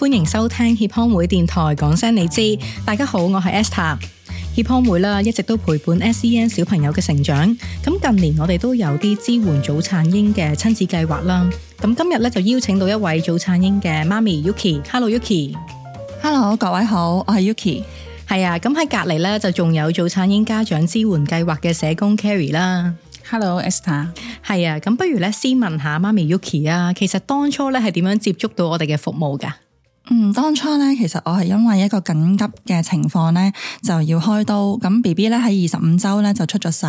歡迎收聽協康會電台講聲你知，大家好，我係 Esther。協康會啦，一直都陪伴 S E N 小朋友嘅成長。咁近年我哋都有啲支援早產嬰嘅親子計劃啦。咁今日咧就邀請到一位早產嬰嘅媽咪 Yuki。Hello Yuki，Hello 各位好，我係 Yuki。係啊，咁喺隔籬咧就仲有早產嬰家長支援計劃嘅社工 Cari 啦。Hello Esther，係啊，咁不如咧先問下媽咪 Yuki 啊，其實當初咧係點樣接觸到我哋嘅服務㗎？嗯，當初咧，其實我係因為一個緊急嘅情況咧，就要開刀。咁 B B 咧喺二十五周咧就出咗世，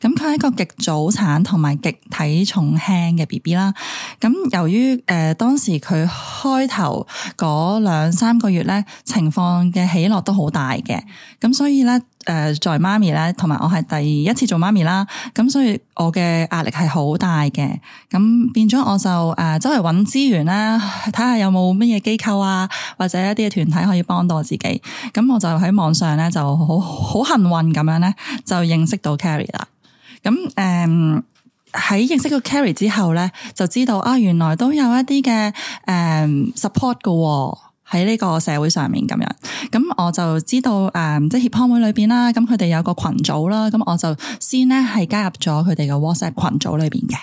咁佢係一個極早產同埋極體重輕嘅 B B 啦。咁由於誒、呃、當時佢開頭嗰兩三個月咧，情況嘅起落都好大嘅，咁所以咧。誒，作為媽咪咧，同埋我係第一次做媽咪啦，咁所以我嘅壓力係好大嘅，咁變咗我就誒，周圍揾資源啦，睇下有冇乜嘢機構啊，或者一啲嘅團體可以幫到我自己，咁我就喺網上咧就好好幸運咁樣咧，就認識到 Cari 啦。咁誒，喺、呃、認識到 Cari 之後咧，就知道啊，原來都有一啲嘅誒 support 嘅、哦。喺呢個社會上面咁樣，咁我就知道誒、嗯，即係協康會裏邊啦，咁佢哋有個群組啦，咁我就先咧係加入咗佢哋嘅 WhatsApp 群組裏邊嘅，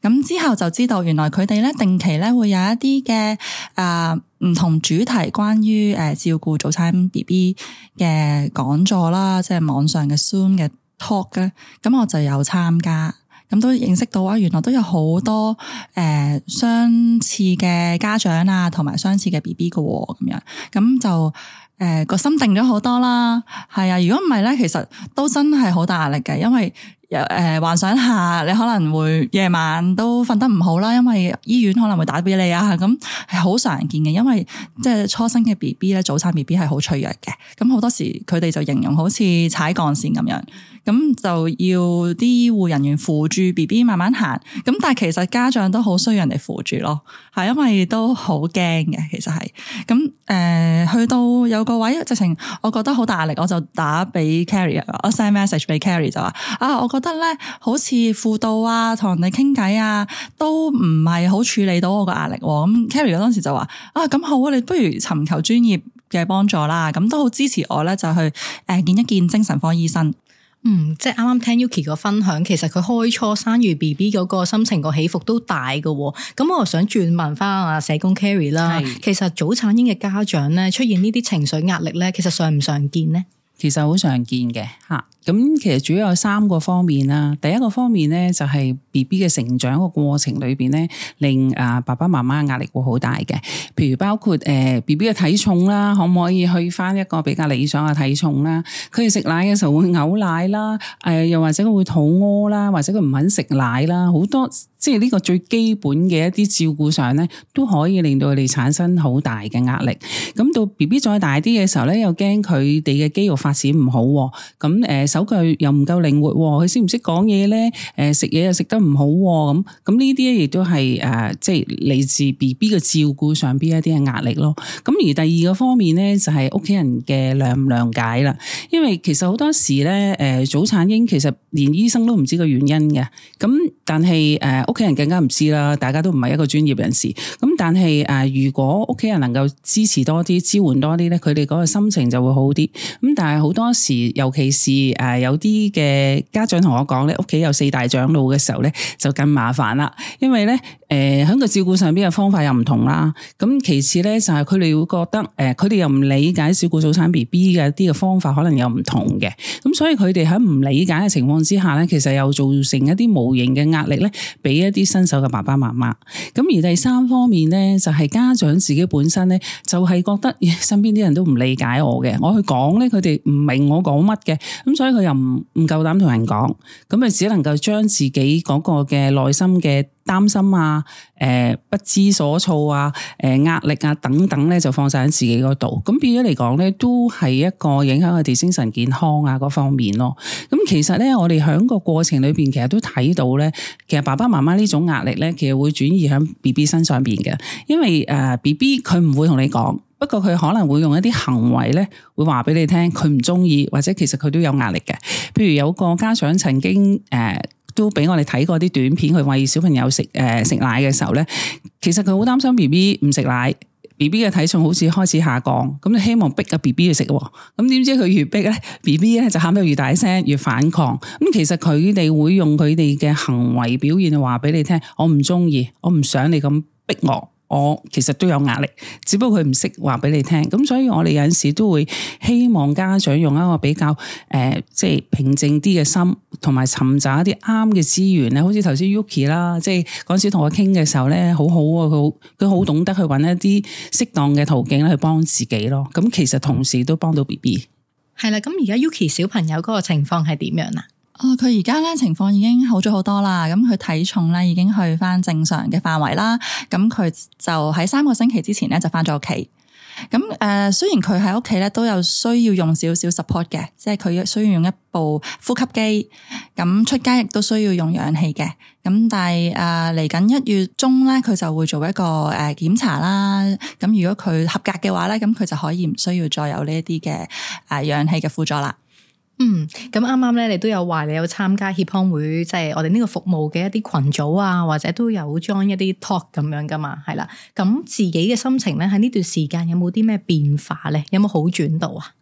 咁之後就知道原來佢哋咧定期咧會有一啲嘅誒唔同主題關於誒、呃、照顧早產 BB 嘅講座啦，即係網上嘅 Zoom 嘅 talk 咧，咁我就有參加。咁都認識到啊，原來都有好多誒、呃、相似嘅家長啊，同埋相似嘅 BB 嘅、啊、喎，咁樣咁就誒個心定咗好多啦。係啊，如果唔係咧，其實都真係好大壓力嘅，因為，又、呃、幻想下，你可能會夜晚都瞓得唔好啦，因為醫院可能會打俾你啊，咁係好常見嘅，因為即係初生嘅 B B 咧，早產 B B 係好脆弱嘅，咁好多時佢哋就形容好似踩鋼線咁樣，咁就要啲醫護人員扶住 B B 慢慢行，咁但係其實家長都好需要人哋扶住咯，係因為都好驚嘅，其實係，咁誒去到有個位，直情我覺得好大壓力，我就打俾 Cari，我 send message 俾 Cari 就話啊，我覺得咧，好似輔導啊，同人哋傾偈啊，都唔係好處理到我個壓力、啊。咁 Cari 當時就話：啊，咁好，啊，你不如尋求專業嘅幫助啦。咁都好支持我咧，就去誒、呃、見一見精神科醫生。嗯，即係啱啱聽 Yuki 個分享，其實佢開初生完 BB 嗰個心情個起伏都大㗎、啊。咁我想轉問翻阿社工 Cari 啦，是其實早產嬰嘅家長咧出現緒壓呢啲情緒壓力咧，其實常唔常見咧？其實好常見嘅吓。啊咁其實主要有三個方面啦。第一個方面咧，就係 BB 嘅成長個過程裏邊咧，令啊爸爸媽媽嘅壓力會好大嘅。譬如包括誒 BB 嘅體重啦，可唔可以去返一個比較理想嘅體重啦。佢哋食奶嘅時候會嘔奶啦，誒、呃、又或者佢會肚屙啦，或者佢唔肯食奶啦，好多即係呢個最基本嘅一啲照顧上咧，都可以令到佢哋產生好大嘅壓力。咁到 BB 再大啲嘅時候咧，又驚佢哋嘅肌肉發展唔好、啊。咁誒。呃有句又唔夠靈活，佢識唔識講嘢咧？誒，食嘢又食得唔好咁，咁呢啲亦都係誒，即係嚟自 BB 嘅照顧上邊一啲嘅壓力咯。咁而第二個方面咧，就係屋企人嘅諒唔諒解啦。因為其實好多時咧，誒、呃，早產嬰其實連醫生都唔知個原因嘅。咁但係誒，屋、呃、企人更加唔知啦。大家都唔係一個專業人士。咁但係誒、呃，如果屋企人能夠支持多啲、支援多啲咧，佢哋嗰個心情就會好啲。咁但係好多時，尤其是誒。呃係有啲嘅家長同我講咧，屋企有四大長老嘅時候咧，就更麻煩啦。因為咧，誒，喺個照顧上邊嘅方法又唔同啦。咁其次咧，就係佢哋會覺得，誒，佢哋又唔理解照顧早產 BB 嘅一啲嘅方法，可能又唔同嘅。咁所以佢哋喺唔理解嘅情況之下咧，其實又造成一啲無形嘅壓力咧，俾一啲新手嘅爸爸媽媽。咁而第三方面咧，就係家長自己本身咧，就係覺得身邊啲人都唔理解我嘅，我去講咧，佢哋唔明我講乜嘅。咁所以。佢又唔唔夠膽同人講，咁咪只能夠將自己嗰個嘅內心嘅擔心啊、誒、呃、不知所措啊、誒、呃、壓力啊等等咧，就放晒喺自己嗰度。咁變咗嚟講咧，都係一個影響佢哋精神健康啊嗰方面咯。咁其實咧，我哋響個過程裏邊，其實都睇到咧，其實爸爸媽媽呢種壓力咧，其實會轉移喺 BB 身上邊嘅，因為誒 BB 佢唔會同你講。不過佢可能會用一啲行為咧，會話俾你聽佢唔中意，或者其實佢都有壓力嘅。譬如有個家長曾經誒、呃，都俾我哋睇過啲短片，去喂小朋友食誒食奶嘅時候咧，其實佢好擔心 B B 唔食奶，B B 嘅體重好似開始下降，咁就希望逼個 B B 去食。咁點知佢越逼咧，B B 咧就喊得越大聲，越反抗。咁其實佢哋會用佢哋嘅行為表現話俾你聽，我唔中意，我唔想你咁逼我。我其實都有壓力，只不過佢唔識話俾你聽咁，所以我哋有陣時都會希望家長用一個比較誒，即係平靜啲嘅心，同埋尋找一啲啱嘅資源咧。好似頭先 Yuki 啦，即係嗰陣時同我傾嘅時候咧，好好啊，佢佢好，好懂得去揾一啲適當嘅途徑咧去幫自己咯。咁其實同時都幫到 B B 係啦。咁而家 Yuki 小朋友嗰個情況係點樣啊？哦，佢而家咧情況已經好咗好多啦，咁佢體重咧已經去翻正常嘅範圍啦，咁佢就喺三個星期之前咧就翻咗屋企，咁、嗯、誒、呃，雖然佢喺屋企咧都有需要用少少 support 嘅，即係佢需要用一部呼吸機，咁、嗯、出街亦都需要用氧氣嘅，咁但係誒嚟緊一月中咧佢就會做一個誒呃、檢查啦，咁如果佢合格嘅話咧，咁佢就可以唔需要再有呢一啲嘅誒氧氣嘅輔助啦。嗯，咁啱啱咧，你都有話你有參加協康會，即係我哋呢個服務嘅一啲群組啊，或者都有 join 一啲 talk 咁樣噶嘛，係啦。咁自己嘅心情咧喺呢段時間有冇啲咩變化咧？有冇好轉到啊？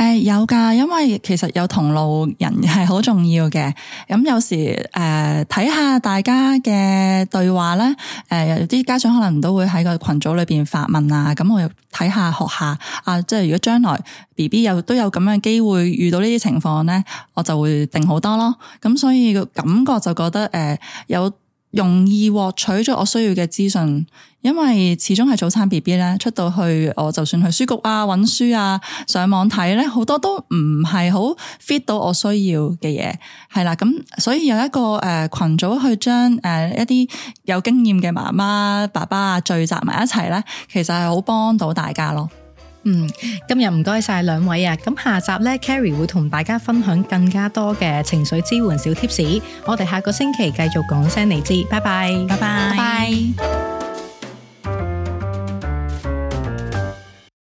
誒、嗯，有噶，因為其實有同路人係好重要嘅。咁有時誒，睇、呃、下大家嘅對話咧，誒、呃，有啲家長可能都會喺個群組裏邊發問啊。咁我又睇下學下啊，即係如果將來 BB 有都有咁樣嘅機會遇到呢啲情況咧，我就會定好多咯。咁、啊、所以個感覺就覺得誒、呃、有。容易獲取咗我需要嘅資訊，因為始終係早產 B B 咧，出到去我就算去書局啊、揾書啊、上網睇咧，好多都唔係好 fit 到我需要嘅嘢，係啦，咁所以有一個誒、呃、群組去將誒、呃、一啲有經驗嘅媽媽爸爸啊聚集埋一齊咧，其實係好幫到大家咯。嗯，今日唔該晒兩位啊！咁下集呢，Cari 會同大家分享更加多嘅情緒支援小貼士。我哋下個星期繼續講聲你知，拜拜，拜拜，拜。